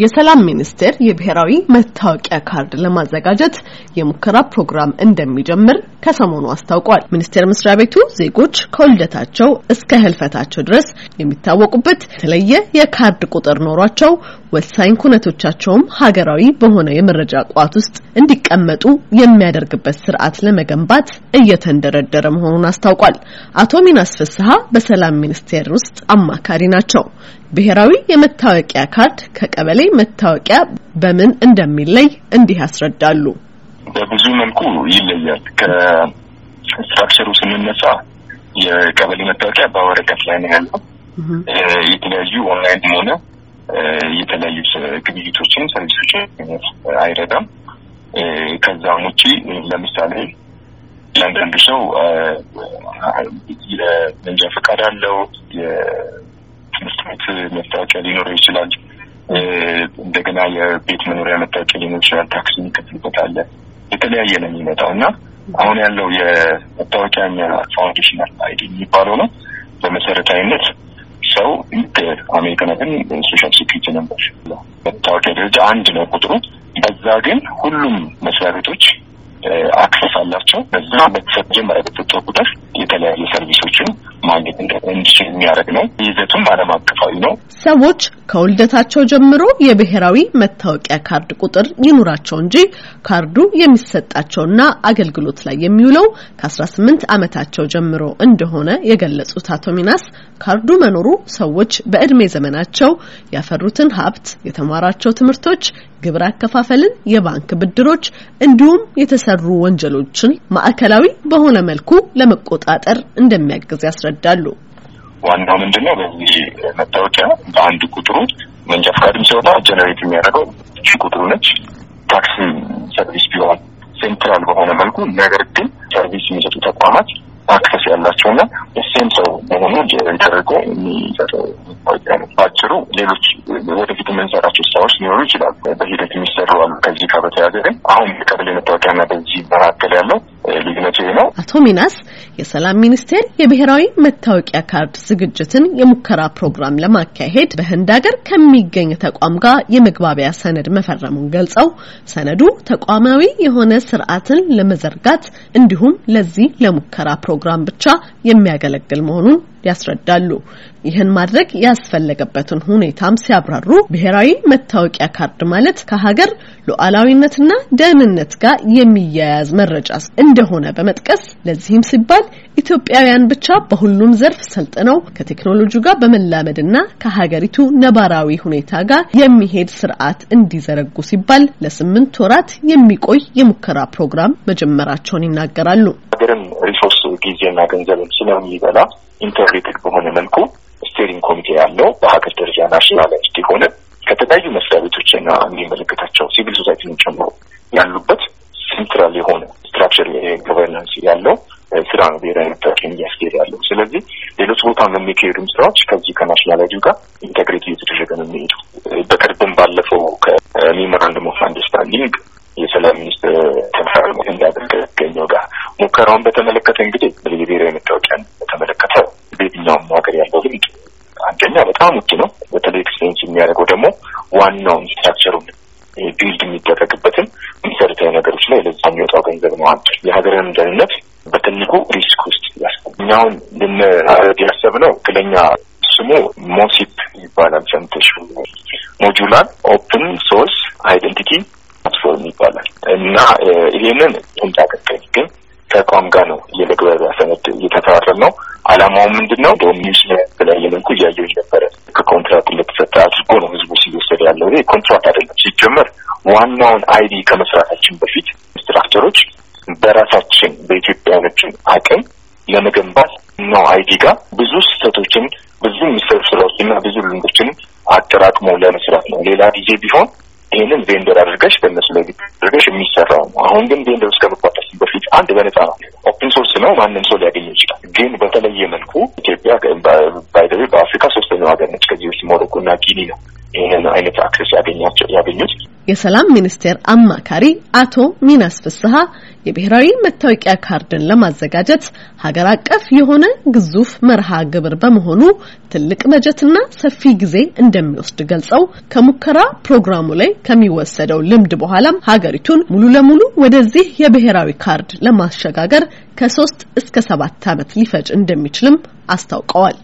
የሰላም ሚኒስቴር የብሔራዊ መታወቂያ ካርድ ለማዘጋጀት የሙከራ ፕሮግራም እንደሚጀምር ከሰሞኑ አስታውቋል። ሚኒስቴር መስሪያ ቤቱ ዜጎች ከውልደታቸው እስከ ህልፈታቸው ድረስ የሚታወቁበት የተለየ የካርድ ቁጥር ኖሯቸው ወሳኝ ኩነቶቻቸውም ሀገራዊ በሆነ የመረጃ ቋት ውስጥ እንዲቀመጡ የሚያደርግበት ስርዓት ለመገንባት እየተንደረደረ መሆኑን አስታውቋል። አቶ ሚናስ ፍስሀ በሰላም ሚኒስቴር ውስጥ አማካሪ ናቸው። ብሔራዊ የመታወቂያ ካርድ ከቀበሌ መታወቂያ በምን እንደሚለይ እንዲህ ያስረዳሉ። በብዙ መልኩ ይለያል። ከስትራክቸሩ ስንነሳ የቀበሌ መታወቂያ በወረቀት ላይ ነው ያለው። የተለያዩ ኦንላይን ሆነ የተለያዩ ግብይቶችን፣ ሰርቪሶችን አይረዳም። ከዛም ውጪ ለምሳሌ ለአንዳንዱ ሰው የመንጃ ፈቃድ አለው የትምህርት መታወቂያ ሊኖረው ይችላል። እንደገና የቤት መኖሪያ መታወቂያ ሊኖር ይችላል። ታክስ የሚከፍልበት አለ። የተለያየ ነው የሚመጣው እና አሁን ያለው የመታወቂያና ፋውንዴሽናል አይዲ የሚባለው ነው በመሰረታዊነት ሰው ልክ አሜሪካ ግን ሶሻል ሴኩሪቲ ነበር መታወቂያ ደረጃ አንድ ነው ቁጥሩ። በዛ ግን ሁሉም መስሪያ ቤቶች አክሰስ አላቸው። በዛ በተሰጀመ በተሰጠው ቁጥር የተለያዩ ሰርቪሶችን ማግኘት እንዲችል የሚያደርግ ነው። ይዘቱም ዓለም አቀፋዊ ነው። ሰዎች ከውልደታቸው ጀምሮ የብሔራዊ መታወቂያ ካርድ ቁጥር ይኑራቸው እንጂ ካርዱ የሚሰጣቸውና አገልግሎት ላይ የሚውለው ከ18 ዓመታቸው ጀምሮ እንደሆነ የገለጹት አቶ ሚናስ ካርዱ መኖሩ ሰዎች በእድሜ ዘመናቸው ያፈሩትን ሀብት፣ የተማራቸው ትምህርቶች፣ ግብር አከፋፈልን፣ የባንክ ብድሮች እንዲሁም የተሰሩ ወንጀሎችን ማዕከላዊ በሆነ መልኩ ለመቆጠ ለመቆጣጠር እንደሚያግዝ ያስረዳሉ። ዋናው ምንድነው? በዚህ መታወቂያ በአንድ ቁጥሩ መንጃ ፈቃድም ሲወጣ ጀነሬት የሚያደርገው ቁጥሩ ነች። ታክሲ ሰርቪስ ቢሆን ሴንትራል በሆነ መልኩ ነገር ግን ሰርቪስ የሚሰጡ ተቋማት አክሰስ ያላቸውና የሴም ሰው መሆኑ ተደርጎ የሚሰጠው ነው። ሌሎች ወደፊት የምንሰራቸው ስራዎች ሊኖሩ ይችላሉ፣ በሂደት የሚሰሩ አሉ። ከዚህ ጋር በተያያዘ ግን አሁን ቀበሌ መታወቂያና በዚህ መካከል ያለው ልዩነቱ ነው። አቶ ሚናስ የሰላም ሚኒስቴር የብሔራዊ መታወቂያ ካርድ ዝግጅትን የሙከራ ፕሮግራም ለማካሄድ በህንድ ሀገር ከሚገኝ ተቋም ጋር የመግባቢያ ሰነድ መፈረሙን ገልጸው ሰነዱ ተቋማዊ የሆነ ስርዓትን ለመዘርጋት እንዲሁም ለዚህ ለሙከራ ፕሮግራም ብቻ የሚያገለግል መሆኑን ያስረዳሉ። ይህን ማድረግ ያስፈለገበትን ሁኔታም ሲያብራሩ ብሔራዊ መታወቂያ ካርድ ማለት ከሀገር ሉዓላዊነትና ደህንነት ጋር የሚያያዝ መረጃ እንደሆነ በመጥቀስ ለዚህም ሲባል ኢትዮጵያውያን ብቻ በሁሉም ዘርፍ ሰልጥነው ከቴክኖሎጂ ጋር በመላመድና ከሀገሪቱ ነባራዊ ሁኔታ ጋር የሚሄድ ስርዓት እንዲዘረጉ ሲባል ለስምንት ወራት የሚቆይ የሙከራ ፕሮግራም መጀመራቸውን ይናገራሉ። ሀገርም ሪሶርስ ጊዜና ገንዘብም ስለሚበላ ኢንተግሬትድ በሆነ መልኩ ስቴሪንግ ኮሚቴ ያለው በሀገር ደረጃ ናሽናል ናሽናላይዝድ ሆነ ከተለያዩ መስሪያ ቤቶችና የሚመለከታቸው ሲቪል ሶሳይቲን ጨምሮ ያሉበት ሴንትራል የሆነ ስትራክቸር የጎቨርናንስ ያለው ስራ ነው ብሔራዊ መታወቂ የሚያስኬድ ያለው። ስለዚህ ሌሎች ቦታ የሚካሄዱም ስራዎች ከዚህ ከናሽናል አይዲ ጋር ኢንተግሬት እየተደረገ ነው የሚሄዱ። በቅርብም ባለፈው ከሜሞራንደም ኦፍ አንደርስታንዲንግ የሰላም ሚኒስትር ተምሳል እንዳደረገ ገኘው ጋር ሙከራውን በተመለከተ እንግዲህ የብሔራዊ መታወቂያን በተመለከተ በየትኛውም ሀገር ያለው ልምድ አንደኛ በጣም ውድ ነው። በተለይ ኤክስፔንስ የሚያደርገው ደግሞ ዋናው ስትራክቸሩን ቢልድ የሚደረግበትን መሰረታዊ ነገሮች ላይ ለዛ የሚወጣው ገንዘብ ነው። አንድ የሀገርን ደህንነት በትልቁ ሪስክ ውስጥ ያስ እኛውን ያሰብ ነው። ክለኛ ስሙ ሞሲፕ ይባላል። ሰምተሽ ሞጁላር ኦፕን ሶርስ አይደንቲቲ ፕላትፎርም ይባላል እና ይሄንን እንዳቀቀኝ ግን ተቋም ጋር ነው የመግባቢያ ሰነድ እየተፈራረም ነው። አላማውም ምንድን ነው? ኒውስ ላይ መልኩ እያየው ያለው ይሄ ኮንትራት አይደለም። ሲጀመር ዋናውን አይዲ ከመስራታችን በፊት ስትራክቸሮች በራሳችን በኢትዮጵያኖችን አቅም ለመገንባት ነው። አይዲ ጋር ብዙ ስህተቶችን ብዙ የሚሰሩ ስራዎች እና ብዙ ልምዶችን አጠራቅሞ ለመስራት ነው። ሌላ ጊዜ ቢሆን ይህንን ቬንደር አድርገሽ በእነሱ ላይ አድርገሽ የሚሰራው ነው። አሁን ግን ቬንደር ውስጥ ከመቋጠራችን በፊት አንድ በነጻ ነው፣ ኦፕን ሶርስ ነው፣ ማንም ሰው ሊያገኘው ይችላል። ግን በተለየ መልኩ ኢትዮጵያ ባይደ በአፍሪካ ሶስተኛው ሀገር ነች። ከዚህ በፊት ሞሮኮ እና ጊኒ ነው ነው አይነት አክሰስ ያገኛቸው ያገኙት። የሰላም ሚኒስቴር አማካሪ አቶ ሚናስ ፍስሀ የብሔራዊ መታወቂያ ካርድን ለማዘጋጀት ሀገር አቀፍ የሆነ ግዙፍ መርሃ ግብር በመሆኑ ትልቅ በጀትና ሰፊ ጊዜ እንደሚወስድ ገልጸው ከሙከራ ፕሮግራሙ ላይ ከሚወሰደው ልምድ በኋላም ሀገሪቱን ሙሉ ለሙሉ ወደዚህ የብሔራዊ ካርድ ለማሸጋገር ከሶስት እስከ ሰባት ዓመት ሊፈጅ እንደሚችልም አስታውቀዋል።